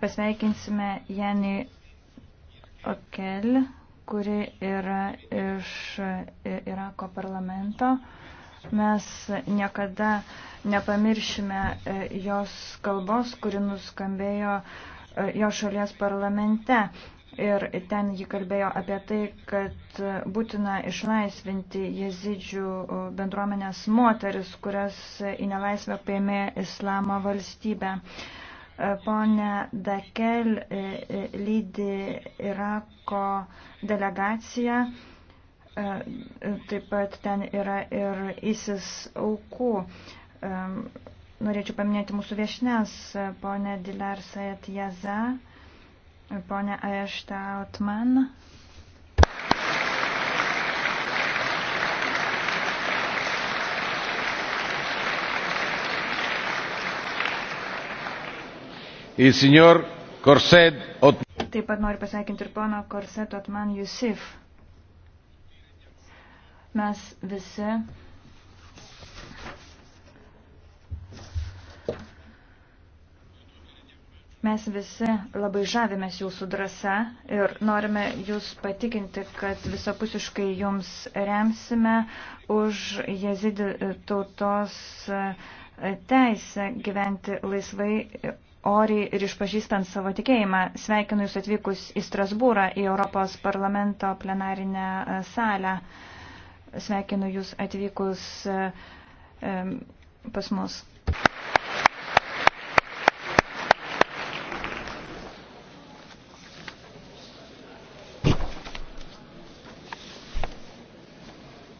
pasveikinsime Janį Okel, kuri yra iš Irako parlamento. Mes niekada nepamiršime e, jos kalbos, kuri nuskambėjo e, jo šalies parlamente. Ir ten ji kalbėjo apie tai, kad būtina išlaisvinti jezidžių e, bendruomenės moteris, kurias į nelaisvę paėmė islamo valstybę. Pone Dakel e, e, lydi Irako delegaciją, e, taip pat ten yra ir ISIS aukų. Norėčiau paminėti mūsų viešnės, ponė Dilar Sayat Jaza, ponė Aešta Otman. il signor Korset Ot... Taip pat noriu pasveikinti ir pono Korset Otman Jusif. Mes visi Mes visi labai žavimės jūsų drąsa ir norime jūs patikinti, kad visapusiškai jums remsime už jezidį tautos teisę gyventi laisvai oriai ir išpažįstant savo tikėjimą. Sveikinu Jūs atvykus į Strasbūrą, į Europos parlamento plenarinę e, salę. Sveikinu Jūs atvykus e, e, pas mus.